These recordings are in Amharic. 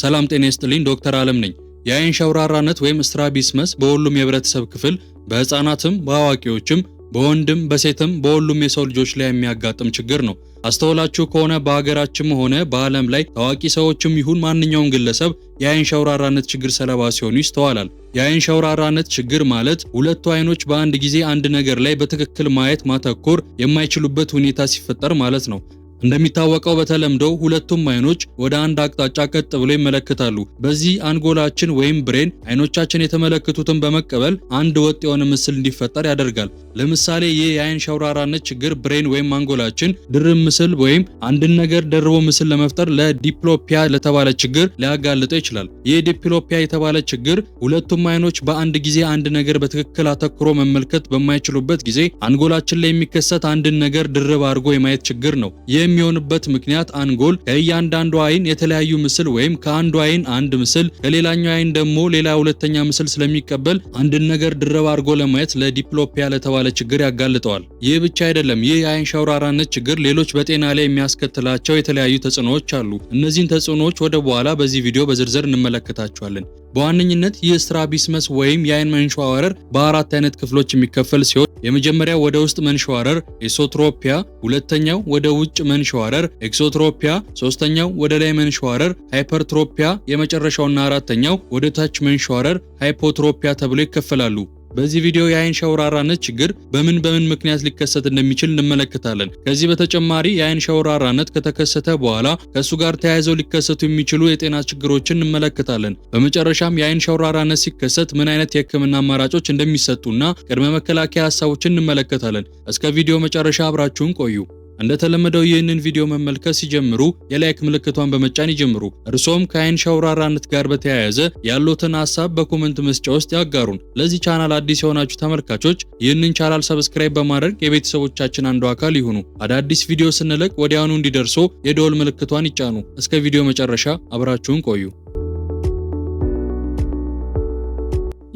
ሰላም ጤና ይስጥልኝ። ዶክተር አለም ነኝ። የአይን ሸውራራነት ወይም ስትራቢስመስ በሁሉም የህብረተሰብ ክፍል በህፃናትም፣ በአዋቂዎችም፣ በወንድም በሴትም፣ በሁሉም የሰው ልጆች ላይ የሚያጋጥም ችግር ነው። አስተውላችሁ ከሆነ በሀገራችንም ሆነ በዓለም ላይ ታዋቂ ሰዎችም ይሁን ማንኛውም ግለሰብ የአይን ሸውራራነት ችግር ሰለባ ሲሆኑ ይስተዋላል። የአይን ሸውራራነት ችግር ማለት ሁለቱ አይኖች በአንድ ጊዜ አንድ ነገር ላይ በትክክል ማየት ማተኮር የማይችሉበት ሁኔታ ሲፈጠር ማለት ነው። እንደሚታወቀው በተለምዶ ሁለቱም አይኖች ወደ አንድ አቅጣጫ ቀጥ ብሎ ይመለከታሉ። በዚህ አንጎላችን ወይም ብሬን አይኖቻችን የተመለከቱትን በመቀበል አንድ ወጥ የሆነ ምስል እንዲፈጠር ያደርጋል። ለምሳሌ ይህ የአይን ሸውራራነት ችግር ብሬን ወይም አንጎላችን ድርብ ምስል ወይም አንድን ነገር ደርቦ ምስል ለመፍጠር ለዲፕሎፒያ ለተባለ ችግር ሊያጋልጠው ይችላል። ይህ ዲፕሎፒያ የተባለ ችግር ሁለቱም አይኖች በአንድ ጊዜ አንድ ነገር በትክክል አተኩሮ መመልከት በማይችሉበት ጊዜ አንጎላችን ላይ የሚከሰት አንድን ነገር ድርብ አድርጎ የማየት ችግር ነው። የሚሆንበት ምክንያት አንጎል ከእያንዳንዱ አይን የተለያዩ ምስል ወይም ከአንዱ አይን አንድ ምስል ከሌላኛው አይን ደግሞ ሌላ ሁለተኛ ምስል ስለሚቀበል አንድን ነገር ድረብ አድርጎ ለማየት ለዲፕሎፒያ ለተባለ ችግር ያጋልጠዋል። ይህ ብቻ አይደለም። ይህ የአይን ሸውራራነት ችግር ሌሎች በጤና ላይ የሚያስከትላቸው የተለያዩ ተጽዕኖዎች አሉ። እነዚህን ተጽዕኖዎች ወደ በኋላ በዚህ ቪዲዮ በዝርዝር እንመለከታቸዋለን። በዋነኝነት ይህ ስትራቢስመስ ወይም የአይን መንሸዋረር በአራት አይነት ክፍሎች የሚከፈል ሲሆን የመጀመሪያው ወደ ውስጥ መንሸዋረር ኤሶትሮፒያ፣ ሁለተኛው ወደ ውጭ መንሸዋረር ኤክሶትሮፒያ፣ ሶስተኛው ወደ ላይ መንሸዋረር ሃይፐርትሮፒያ፣ የመጨረሻውና አራተኛው ወደ ታች መንሸዋረር ሃይፖትሮፒያ ተብሎ ይከፈላሉ። በዚህ ቪዲዮ የአይን ሸውራራነት ችግር በምን በምን ምክንያት ሊከሰት እንደሚችል እንመለከታለን። ከዚህ በተጨማሪ የአይን ሸውራራነት ከተከሰተ በኋላ ከእሱ ጋር ተያይዘው ሊከሰቱ የሚችሉ የጤና ችግሮችን እንመለከታለን። በመጨረሻም የአይን ሸውራራነት ሲከሰት ምን አይነት የህክምና አማራጮች እንደሚሰጡና ቅድመ መከላከያ ሀሳቦችን እንመለከታለን። እስከ ቪዲዮ መጨረሻ አብራችሁን ቆዩ። እንደተለመደው ይህንን ቪዲዮ መመልከት ሲጀምሩ የላይክ ምልክቷን በመጫን ይጀምሩ። እርሶም ከአይን ሸውራራነት ጋር በተያያዘ ያሉትን ሀሳብ በኮመንት መስጫ ውስጥ ያጋሩን። ለዚህ ቻናል አዲስ የሆናችሁ ተመልካቾች ይህንን ቻናል ሰብስክራይብ በማድረግ የቤተሰቦቻችን አንዱ አካል ይሁኑ። አዳዲስ ቪዲዮ ስንለቅ ወዲያውኑ እንዲደርሶ የደወል ምልክቷን ይጫኑ። እስከ ቪዲዮ መጨረሻ አብራችሁን ቆዩ።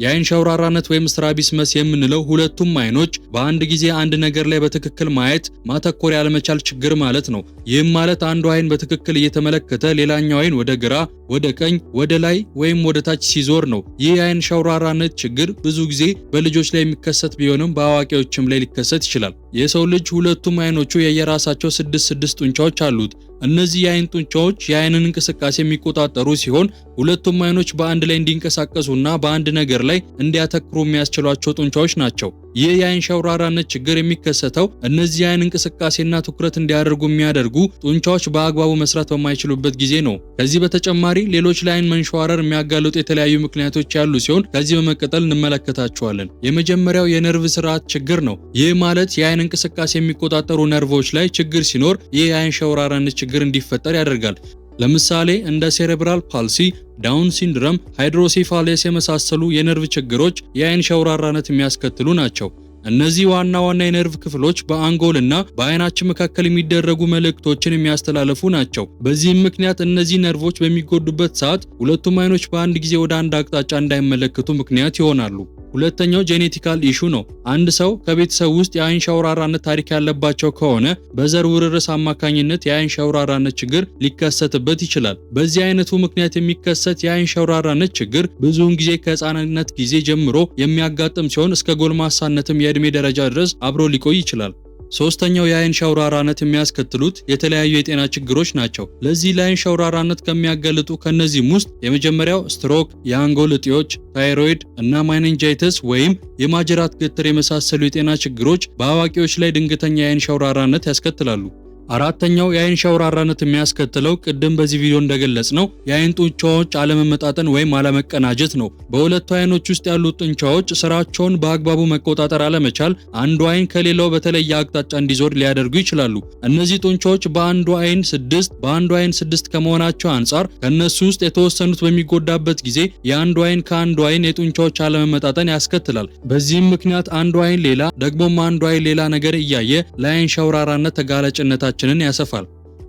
የአይን ሸውራራነት ወይም ስራ ቢስመስ የምንለው ሁለቱም አይኖች በአንድ ጊዜ አንድ ነገር ላይ በትክክል ማየት ማተኮር ያለመቻል ችግር ማለት ነው። ይህም ማለት አንዱ አይን በትክክል እየተመለከተ ሌላኛው አይን ወደ ግራ፣ ወደ ቀኝ፣ ወደ ላይ ወይም ወደ ታች ሲዞር ነው። ይህ የአይን ሸውራራነት ችግር ብዙ ጊዜ በልጆች ላይ የሚከሰት ቢሆንም በአዋቂዎችም ላይ ሊከሰት ይችላል። የሰው ልጅ ሁለቱም አይኖቹ የየራሳቸው ስድስት ስድስት ጡንቻዎች አሉት። እነዚህ የአይን ጡንቻዎች የአይንን እንቅስቃሴ የሚቆጣጠሩ ሲሆን ሁለቱም አይኖች በአንድ ላይ እንዲንቀሳቀሱና በአንድ ነገር ላይ እንዲያተክሩ የሚያስችሏቸው ጡንቻዎች ናቸው። ይህ የአይን ሸውራራነት ችግር የሚከሰተው እነዚህ የአይን እንቅስቃሴና ትኩረት እንዲያደርጉ የሚያደርጉ ጡንቻዎች በአግባቡ መስራት በማይችሉበት ጊዜ ነው። ከዚህ በተጨማሪ ሌሎች ለአይን መንሸዋረር የሚያጋልጡ የተለያዩ ምክንያቶች ያሉ ሲሆን ከዚህ በመቀጠል እንመለከታቸዋለን። የመጀመሪያው የነርቭ ስርዓት ችግር ነው። ይህ ማለት የአይን የአይን እንቅስቃሴ የሚቆጣጠሩ ነርቮች ላይ ችግር ሲኖር ይህ የአይን ሸውራራነት ችግር እንዲፈጠር ያደርጋል። ለምሳሌ እንደ ሴሬብራል ፓልሲ፣ ዳውን ሲንድረም፣ ሃይድሮሲፋሌስ የመሳሰሉ የነርቭ ችግሮች የአይን ሸውራራነት የሚያስከትሉ ናቸው። እነዚህ ዋና ዋና የነርቭ ክፍሎች በአንጎልና በአይናችን መካከል የሚደረጉ መልእክቶችን የሚያስተላልፉ ናቸው። በዚህም ምክንያት እነዚህ ነርቮች በሚጎዱበት ሰዓት ሁለቱም አይኖች በአንድ ጊዜ ወደ አንድ አቅጣጫ እንዳይመለከቱ ምክንያት ይሆናሉ። ሁለተኛው ጄኔቲካል ኢሹ ነው። አንድ ሰው ከቤተሰብ ውስጥ የአይን ሸውራራነት ታሪክ ያለባቸው ከሆነ በዘር ውርርስ አማካኝነት የአይን ሸውራራነት ችግር ሊከሰትበት ይችላል። በዚህ አይነቱ ምክንያት የሚከሰት የአይን ሸውራራነት ችግር ብዙውን ጊዜ ከህፃንነት ጊዜ ጀምሮ የሚያጋጥም ሲሆን እስከ ጎልማሳነትም የእድሜ ደረጃ ድረስ አብሮ ሊቆይ ይችላል። ሶስተኛው የአይን ሸውራራነት የሚያስከትሉት የተለያዩ የጤና ችግሮች ናቸው። ለዚህ ለአይን ሸውራራነት ከሚያጋልጡ ከነዚህም ውስጥ የመጀመሪያው ስትሮክ፣ የአንጎል እጢዎች፣ ታይሮይድ እና ማይንንጃይተስ ወይም የማጅራት ገትር የመሳሰሉ የጤና ችግሮች በአዋቂዎች ላይ ድንገተኛ የአይን ሸውራራነት ያስከትላሉ። አራተኛው የአይን ሸውራራነት የሚያስከትለው ቅድም በዚህ ቪዲዮ እንደገለጽ ነው የአይን ጡንቻዎች አለመመጣጠን ወይም አለመቀናጀት ነው። በሁለቱ አይኖች ውስጥ ያሉት ጡንቻዎች ስራቸውን በአግባቡ መቆጣጠር አለመቻል አንዱ አይን ከሌላው በተለየ አቅጣጫ እንዲዞር ሊያደርጉ ይችላሉ። እነዚህ ጡንቻዎች በአንዱ አይን ስድስት በአንዱ አይን ስድስት ከመሆናቸው አንጻር ከእነሱ ውስጥ የተወሰኑት በሚጎዳበት ጊዜ የአንዱ አይን ከአንዱ አይን የጡንቻዎች አለመመጣጠን ያስከትላል። በዚህም ምክንያት አንዱ አይን ሌላ ደግሞም አንዱ አይን ሌላ ነገር እያየ ለአይን ሸውራራነት ተጋላጭነታቸው አይናችንን ያሰፋል።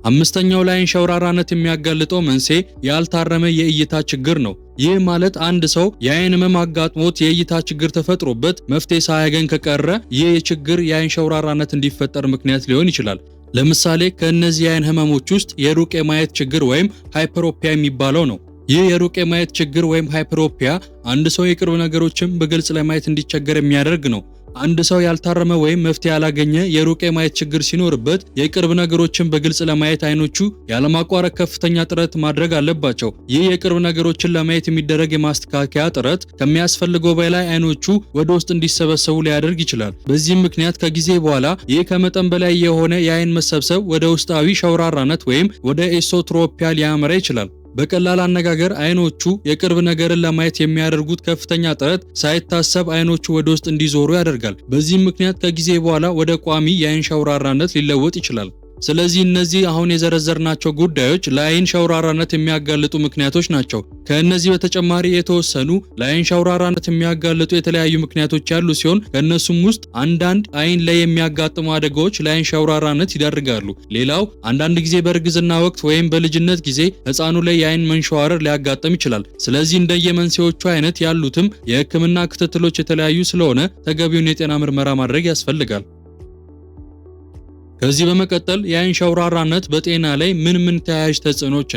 አምስተኛው ለአይን ሸውራራነት የሚያጋልጠው መንስኤ ያልታረመ የእይታ ችግር ነው። ይህ ማለት አንድ ሰው የአይን ህመም አጋጥሞት የእይታ ችግር ተፈጥሮበት መፍትሄ ሳያገኝ ከቀረ ይህ ችግር የአይን ሸውራራነት እንዲፈጠር ምክንያት ሊሆን ይችላል። ለምሳሌ ከእነዚህ የአይን ህመሞች ውስጥ የሩቅ የማየት ችግር ወይም ሃይፐሮፒያ የሚባለው ነው። ይህ የሩቅ የማየት ችግር ወይም ሃይፐሮፒያ አንድ ሰው የቅርብ ነገሮችን በግልጽ ለማየት እንዲቸገር የሚያደርግ ነው። አንድ ሰው ያልታረመ ወይም መፍትሄ ያላገኘ የሩቅ የማየት ችግር ሲኖርበት የቅርብ ነገሮችን በግልጽ ለማየት አይኖቹ ያለማቋረጥ ከፍተኛ ጥረት ማድረግ አለባቸው። ይህ የቅርብ ነገሮችን ለማየት የሚደረግ የማስተካከያ ጥረት ከሚያስፈልገው በላይ አይኖቹ ወደ ውስጥ እንዲሰበሰቡ ሊያደርግ ይችላል። በዚህም ምክንያት ከጊዜ በኋላ ይህ ከመጠን በላይ የሆነ የአይን መሰብሰብ ወደ ውስጣዊ ሸውራራነት ወይም ወደ ኤሶትሮፒያ ሊያመራ ይችላል። በቀላል አነጋገር አይኖቹ የቅርብ ነገርን ለማየት የሚያደርጉት ከፍተኛ ጥረት ሳይታሰብ አይኖቹ ወደ ውስጥ እንዲዞሩ ያደርጋል። በዚህም ምክንያት ከጊዜ በኋላ ወደ ቋሚ የአይን ሸውራራነት ሊለወጥ ይችላል። ስለዚህ እነዚህ አሁን የዘረዘርናቸው ጉዳዮች ለአይን ሸውራራነት የሚያጋልጡ ምክንያቶች ናቸው። ከእነዚህ በተጨማሪ የተወሰኑ ለአይን ሸውራራነት የሚያጋልጡ የተለያዩ ምክንያቶች ያሉ ሲሆን ከእነሱም ውስጥ አንዳንድ አይን ላይ የሚያጋጥሙ አደጋዎች ለአይን ሸውራራነት ይዳርጋሉ። ሌላው አንዳንድ ጊዜ በእርግዝና ወቅት ወይም በልጅነት ጊዜ ሕፃኑ ላይ የአይን መንሸዋረር ሊያጋጥም ይችላል። ስለዚህ እንደየመንስኤዎቹ አይነት ያሉትም የሕክምና ክትትሎች የተለያዩ ስለሆነ ተገቢውን የጤና ምርመራ ማድረግ ያስፈልጋል። ከዚህ በመቀጠል የአይን ሸውራራነት በጤና ላይ ምን ምን ተያያዥ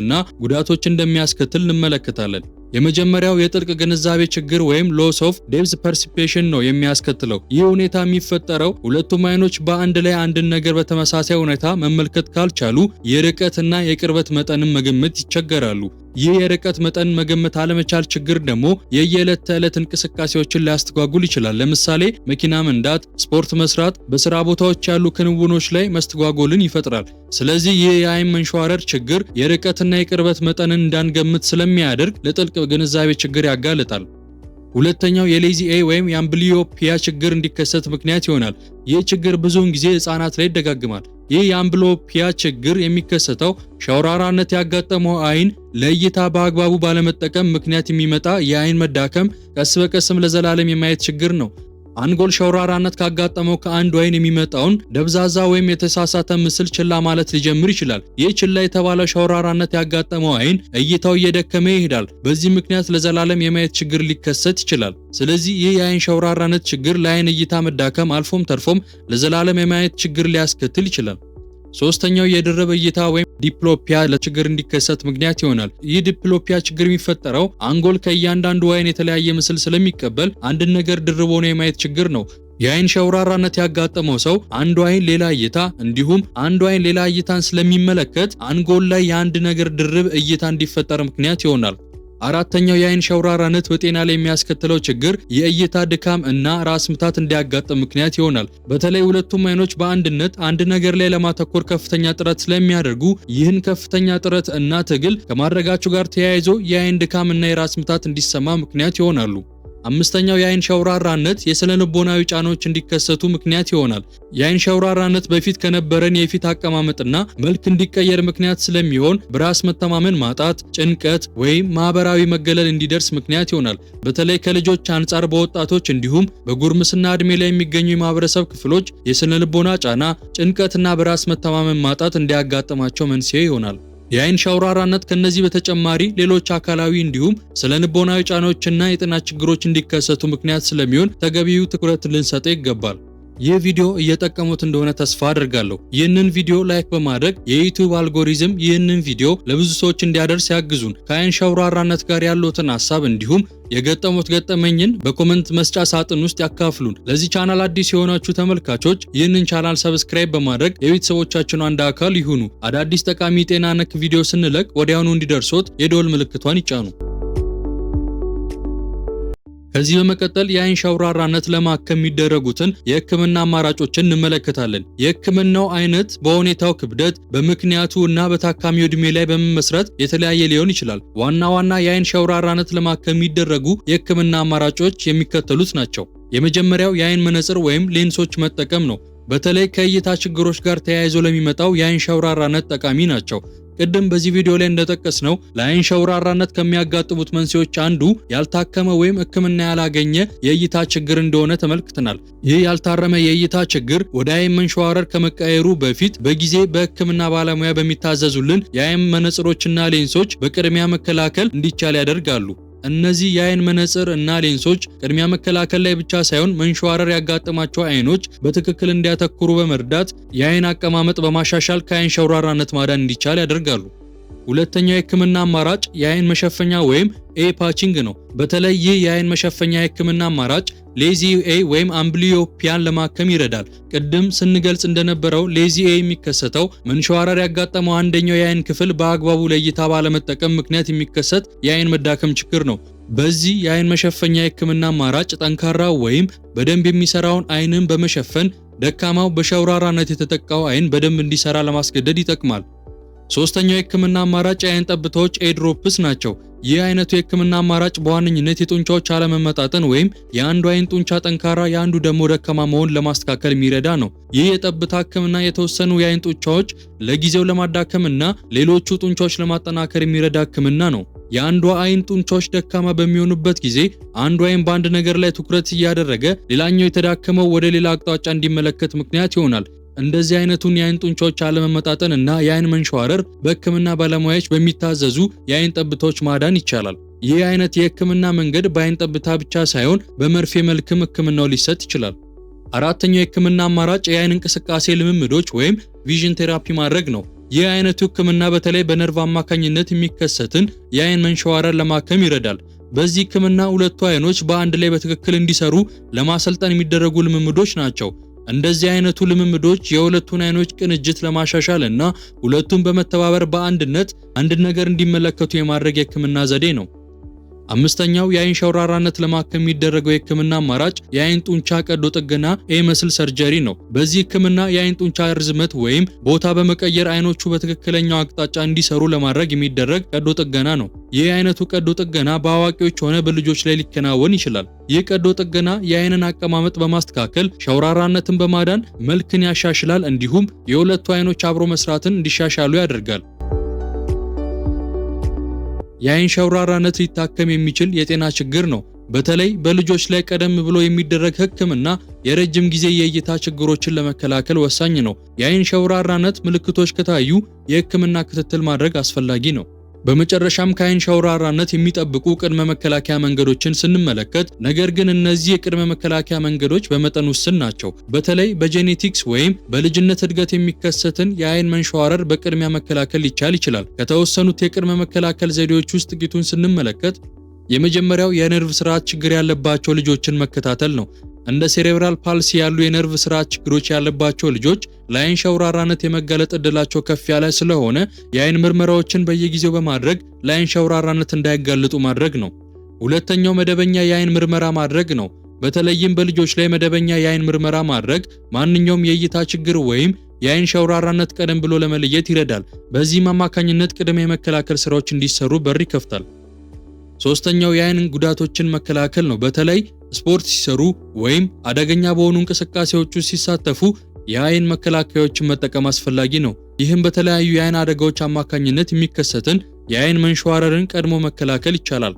እና ጉዳቶች እንደሚያስከትል እንመለከታለን። የመጀመሪያው የጥልቅ ግንዛቤ ችግር ወይም ሎስ ኦፍ ዴፕዝ ፐርሲፔሽን ነው የሚያስከትለው። ይህ ሁኔታ የሚፈጠረው ሁለቱም አይኖች በአንድ ላይ አንድን ነገር በተመሳሳይ ሁኔታ መመልከት ካልቻሉ የርቀትና የቅርበት መጠንን መገመት ይቸገራሉ። ይህ የርቀት መጠን መገመት አለመቻል ችግር ደግሞ የየዕለት ተዕለት እንቅስቃሴዎችን ሊያስተጓጉል ይችላል። ለምሳሌ መኪና መንዳት፣ ስፖርት መስራት፣ በስራ ቦታዎች ያሉ ክንውኖች ላይ መስተጓጎልን ይፈጥራል። ስለዚህ ይህ የአይን መንሸዋረር ችግር የርቀትና የቅርበት መጠንን እንዳንገምት ስለሚያደርግ ለጥልቅ ግንዛቤ ችግር ያጋልጣል። ሁለተኛው የሌዚ አይ ወይም የአምብሊዮፒያ ችግር እንዲከሰት ምክንያት ይሆናል። ይህ ችግር ብዙውን ጊዜ ህፃናት ላይ ይደጋግማል። ይህ የአምብሎፒያ ችግር የሚከሰተው ሸውራራነት ያጋጠመው አይን ለእይታ በአግባቡ ባለመጠቀም ምክንያት የሚመጣ የአይን መዳከም፣ ቀስ በቀስም ለዘላለም የማየት ችግር ነው። አንጎል ሸውራራነት ካጋጠመው ከአንድ ወይን የሚመጣውን ደብዛዛ ወይም የተሳሳተ ምስል ችላ ማለት ሊጀምር ይችላል። ይህ ችላ የተባለው ሸውራራነት ያጋጠመው አይን እይታው እየደከመ ይሄዳል። በዚህ ምክንያት ለዘላለም የማየት ችግር ሊከሰት ይችላል። ስለዚህ ይህ የአይን ሸውራራነት ችግር ለአይን እይታ መዳከም አልፎም ተርፎም ለዘላለም የማየት ችግር ሊያስከትል ይችላል። ሶስተኛው የድርብ እይታ ወይም ዲፕሎፒያ ለችግር እንዲከሰት ምክንያት ይሆናል። ይህ ዲፕሎፒያ ችግር የሚፈጠረው አንጎል ከእያንዳንዱ አይን የተለያየ ምስል ስለሚቀበል አንድን ነገር ድርብ ሆኖ የማየት ችግር ነው። የአይን ሸውራራነት ያጋጠመው ሰው አንዱ አይን ሌላ እይታ እንዲሁም አንዱ አይን ሌላ እይታን ስለሚመለከት አንጎል ላይ የአንድ ነገር ድርብ እይታ እንዲፈጠር ምክንያት ይሆናል። አራተኛው የአይን ሸውራራነት በጤና ላይ የሚያስከትለው ችግር የእይታ ድካም እና ራስ ምታት እንዲያጋጥም ምክንያት ይሆናል። በተለይ ሁለቱም አይኖች በአንድነት አንድ ነገር ላይ ለማተኮር ከፍተኛ ጥረት ስለሚያደርጉ ይህን ከፍተኛ ጥረት እና ትግል ከማድረጋቸው ጋር ተያይዞ የአይን ድካም እና የራስ ምታት እንዲሰማ ምክንያት ይሆናሉ። አምስተኛው የአይን ሸውራራነት የስነ ልቦናዊ ጫናዎች እንዲከሰቱ ምክንያት ይሆናል። የአይን ሸውራራነት በፊት ከነበረን የፊት አቀማመጥና መልክ እንዲቀየር ምክንያት ስለሚሆን በራስ መተማመን ማጣት፣ ጭንቀት ወይም ማህበራዊ መገለል እንዲደርስ ምክንያት ይሆናል። በተለይ ከልጆች አንጻር በወጣቶች እንዲሁም በጉርምስና እድሜ ላይ የሚገኙ የማህበረሰብ ክፍሎች የስነ ልቦና ጫና፣ ጭንቀትና በራስ መተማመን ማጣት እንዲያጋጥማቸው መንስኤ ይሆናል። የአይን ሻውራራነት ከነዚህ በተጨማሪ ሌሎች አካላዊ እንዲሁም ስለ ንቦናዊ ጫናዎችና የጤና ችግሮች እንዲከሰቱ ምክንያት ስለሚሆን ተገቢው ትኩረት ልንሰጠው ይገባል። ይህ ቪዲዮ እየጠቀሙት እንደሆነ ተስፋ አድርጋለሁ። ይህንን ቪዲዮ ላይክ በማድረግ የዩቲዩብ አልጎሪዝም ይህንን ቪዲዮ ለብዙ ሰዎች እንዲያደርስ ያግዙን። ከአይን ሸውራራነት ጋር ያሉትን ሀሳብ እንዲሁም የገጠሙት ገጠመኝን በኮመንት መስጫ ሳጥን ውስጥ ያካፍሉን። ለዚህ ቻናል አዲስ የሆናችሁ ተመልካቾች ይህንን ቻናል ሰብስክራይብ በማድረግ የቤተሰቦቻችን አንድ አካል ይሁኑ። አዳዲስ ጠቃሚ ጤና ነክ ቪዲዮ ስንለቅ ወዲያውኑ እንዲደርሶት የደወል ምልክቷን ይጫኑ። ከዚህ በመቀጠል የአይን ሸውራራነት ለማከም የሚደረጉትን የህክምና አማራጮችን እንመለከታለን። የህክምናው አይነት በሁኔታው ክብደት፣ በምክንያቱ እና በታካሚው ዕድሜ ላይ በመመስረት የተለያየ ሊሆን ይችላል። ዋና ዋና የአይን ሸውራራነት ለማከም የሚደረጉ የህክምና አማራጮች የሚከተሉት ናቸው። የመጀመሪያው የአይን መነጽር ወይም ሌንሶች መጠቀም ነው። በተለይ ከእይታ ችግሮች ጋር ተያይዞ ለሚመጣው የአይን ሸውራራነት ጠቃሚ ናቸው። ቅድም በዚህ ቪዲዮ ላይ እንደጠቀስ ነው ለአይን ሸውራራነት ከሚያጋጥሙት መንስኤዎች አንዱ ያልታከመ ወይም ሕክምና ያላገኘ የእይታ ችግር እንደሆነ ተመልክተናል። ይህ ያልታረመ የእይታ ችግር ወደ አይን መንሸዋረር ከመቀየሩ በፊት በጊዜ በሕክምና ባለሙያ በሚታዘዙልን የአይን መነጽሮችና ሌንሶች በቅድሚያ መከላከል እንዲቻል ያደርጋሉ። እነዚህ የአይን መነጽር እና ሌንሶች ቅድሚያ መከላከል ላይ ብቻ ሳይሆን መንሸዋረር ያጋጠማቸው አይኖች በትክክል እንዲያተኩሩ በመርዳት የአይን አቀማመጥ በማሻሻል ከአይን ሸውራራነት ማዳን እንዲቻል ያደርጋሉ። ሁለተኛው የህክምና አማራጭ የአይን መሸፈኛ ወይም ኤ ፓቺንግ ነው። በተለይ ይህ የአይን መሸፈኛ የህክምና አማራጭ ሌዚ ኤ ወይም አምብሊዮፒያን ለማከም ይረዳል። ቅድም ስንገልጽ እንደነበረው ሌዚ ኤ የሚከሰተው መንሸዋረር ያጋጠመው አንደኛው የአይን ክፍል በአግባቡ ለእይታ ባለመጠቀም ምክንያት የሚከሰት የአይን መዳከም ችግር ነው። በዚህ የአይን መሸፈኛ የህክምና አማራጭ ጠንካራ ወይም በደንብ የሚሰራውን አይንን በመሸፈን ደካማው በሸውራራነት የተጠቃው አይን በደንብ እንዲሰራ ለማስገደድ ይጠቅማል። ሶስተኛው የህክምና አማራጭ የአይን ጠብታዎች ኤድሮፕስ ናቸው። ይህ አይነቱ የህክምና አማራጭ በዋነኝነት የጡንቻዎች አለመመጣጠን ወይም የአንዱ አይን ጡንቻ ጠንካራ የአንዱ ደግሞ ደካማ መሆን ለማስተካከል የሚረዳ ነው። ይህ የጠብታ ህክምና የተወሰኑ የአይን ጡንቻዎች ለጊዜው ለማዳከምና ሌሎቹ ጡንቻዎች ለማጠናከር የሚረዳ ህክምና ነው። የአንዷ አይን ጡንቻዎች ደካማ በሚሆኑበት ጊዜ አንዱ አይን በአንድ ነገር ላይ ትኩረት እያደረገ ሌላኛው የተዳከመው ወደ ሌላ አቅጣጫ እንዲመለከት ምክንያት ይሆናል። እንደዚህ አይነቱን የአይን ጡንቻዎች አለመመጣጠን እና የአይን መንሸዋረር በህክምና ባለሙያዎች በሚታዘዙ የአይን ጠብታዎች ማዳን ይቻላል። ይህ አይነት የህክምና መንገድ በአይን ጠብታ ብቻ ሳይሆን በመርፌ መልክም ህክምናው ሊሰጥ ይችላል። አራተኛው የህክምና አማራጭ የአይን እንቅስቃሴ ልምምዶች ወይም ቪዥን ቴራፒ ማድረግ ነው። ይህ አይነቱ ህክምና በተለይ በነርቭ አማካኝነት የሚከሰትን የአይን መንሸዋረር ለማከም ይረዳል። በዚህ ህክምና ሁለቱ አይኖች በአንድ ላይ በትክክል እንዲሰሩ ለማሰልጠን የሚደረጉ ልምምዶች ናቸው። እንደዚህ አይነቱ ልምምዶች የሁለቱን አይኖች ቅንጅት ለማሻሻል እና ሁለቱም በመተባበር በአንድነት አንድ ነገር እንዲመለከቱ የማድረግ የህክምና ዘዴ ነው። አምስተኛው የአይን ሸውራራነት ለማከም የሚደረገው የህክምና አማራጭ የአይን ጡንቻ ቀዶ ጥገና ኤመስል ሰርጀሪ ነው። በዚህ ህክምና የአይን ጡንቻ ርዝመት ወይም ቦታ በመቀየር አይኖቹ በትክክለኛው አቅጣጫ እንዲሰሩ ለማድረግ የሚደረግ ቀዶ ጥገና ነው። ይህ አይነቱ ቀዶ ጥገና በአዋቂዎች ሆነ በልጆች ላይ ሊከናወን ይችላል። ይህ ቀዶ ጥገና የአይንን አቀማመጥ በማስተካከል ሸውራራነትን በማዳን መልክን ያሻሽላል፣ እንዲሁም የሁለቱ አይኖች አብሮ መስራትን እንዲሻሻሉ ያደርጋል። የአይን ሸውራራነት ሊታከም የሚችል የጤና ችግር ነው። በተለይ በልጆች ላይ ቀደም ብሎ የሚደረግ ሕክምና የረጅም ጊዜ የእይታ ችግሮችን ለመከላከል ወሳኝ ነው። የአይን ሸውራራነት ምልክቶች ከታዩ የሕክምና ክትትል ማድረግ አስፈላጊ ነው። በመጨረሻም ከአይን ሸውራራነት የሚጠብቁ ቅድመ መከላከያ መንገዶችን ስንመለከት ነገር ግን እነዚህ የቅድመ መከላከያ መንገዶች በመጠን ውስን ናቸው። በተለይ በጄኔቲክስ ወይም በልጅነት እድገት የሚከሰትን የአይን መንሸዋረር በቅድሚያ መከላከል ሊቻል ይችላል። ከተወሰኑት የቅድመ መከላከል ዘዴዎች ውስጥ ጥቂቱን ስንመለከት የመጀመሪያው የነርቭ ስርዓት ችግር ያለባቸው ልጆችን መከታተል ነው። እንደ ሴሬብራል ፓልሲ ያሉ የነርቭ ስራ ችግሮች ያለባቸው ልጆች ለአይን ሸውራራነት የመጋለጥ እድላቸው ከፍ ያለ ስለሆነ የአይን ምርመራዎችን በየጊዜው በማድረግ ለአይን ሸውራራነት እንዳይጋለጡ ማድረግ ነው። ሁለተኛው መደበኛ የአይን ምርመራ ማድረግ ነው። በተለይም በልጆች ላይ መደበኛ የአይን ምርመራ ማድረግ ማንኛውም የእይታ ችግር ወይም የአይን ሸውራራነት ቀደም ብሎ ለመለየት ይረዳል። በዚህም አማካኝነት ቅድመ የመከላከል ስራዎች እንዲሰሩ በር ይከፍታል። ሶስተኛው የአይን ጉዳቶችን መከላከል ነው። በተለይ ስፖርት ሲሰሩ ወይም አደገኛ በሆኑ እንቅስቃሴዎች ውስጥ ሲሳተፉ የአይን መከላከያዎችን መጠቀም አስፈላጊ ነው። ይህም በተለያዩ የአይን አደጋዎች አማካኝነት የሚከሰትን የአይን መንሸዋረርን ቀድሞ መከላከል ይቻላል።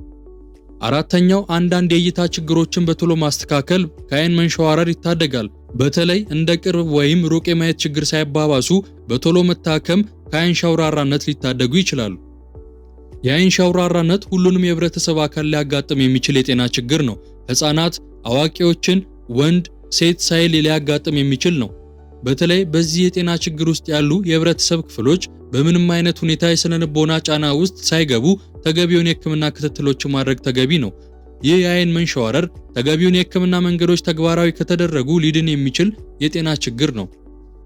አራተኛው አንዳንድ የእይታ ችግሮችን በቶሎ ማስተካከል ከአይን መንሸዋረር ይታደጋል። በተለይ እንደ ቅርብ ወይም ሩቅ የማየት ችግር ሳይባባሱ በቶሎ መታከም ከአይን ሸውራራነት ሊታደጉ ይችላሉ። የአይን ሻውራራነት ሁሉንም የህብረተሰብ አካል ሊያጋጥም የሚችል የጤና ችግር ነው። ህፃናት፣ አዋቂዎችን፣ ወንድ ሴት ሳይል ሊያጋጥም የሚችል ነው። በተለይ በዚህ የጤና ችግር ውስጥ ያሉ የህብረተሰብ ክፍሎች በምንም አይነት ሁኔታ የስነልቦና ጫና ውስጥ ሳይገቡ ተገቢውን የህክምና ክትትሎች ማድረግ ተገቢ ነው። ይህ የአይን መንሸዋረር ተገቢውን የህክምና መንገዶች ተግባራዊ ከተደረጉ ሊድን የሚችል የጤና ችግር ነው።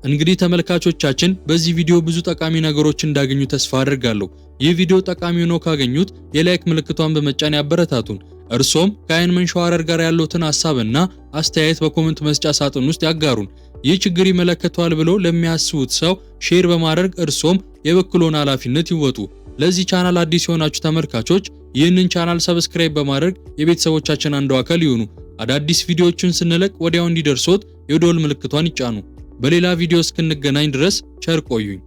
እንግዲህ ተመልካቾቻችን በዚህ ቪዲዮ ብዙ ጠቃሚ ነገሮች እንዳገኙ ተስፋ አድርጋለሁ። ይህ ቪዲዮ ጠቃሚ ሆኖ ካገኙት የላይክ ምልክቷን በመጫን ያበረታቱን። እርሶም ከአይን መንሸዋረር ጋር ያለዎትን ሀሳብና አስተያየት በኮመንት መስጫ ሳጥን ውስጥ ያጋሩን። ይህ ችግር ይመለከተዋል ብሎ ለሚያስቡት ሰው ሼር በማድረግ እርሶም የበኩሎን ኃላፊነት ይወጡ። ለዚህ ቻናል አዲስ የሆናችሁ ተመልካቾች ይህንን ቻናል ሰብስክራይብ በማድረግ የቤተሰቦቻችን አንዱ አካል ይሁኑ። አዳዲስ ቪዲዮዎችን ስንለቅ ወዲያው እንዲደርሶት የደወል ምልክቷን ይጫኑ። በሌላ ቪዲዮ እስክንገናኝ ድረስ ቸር ቆዩኝ።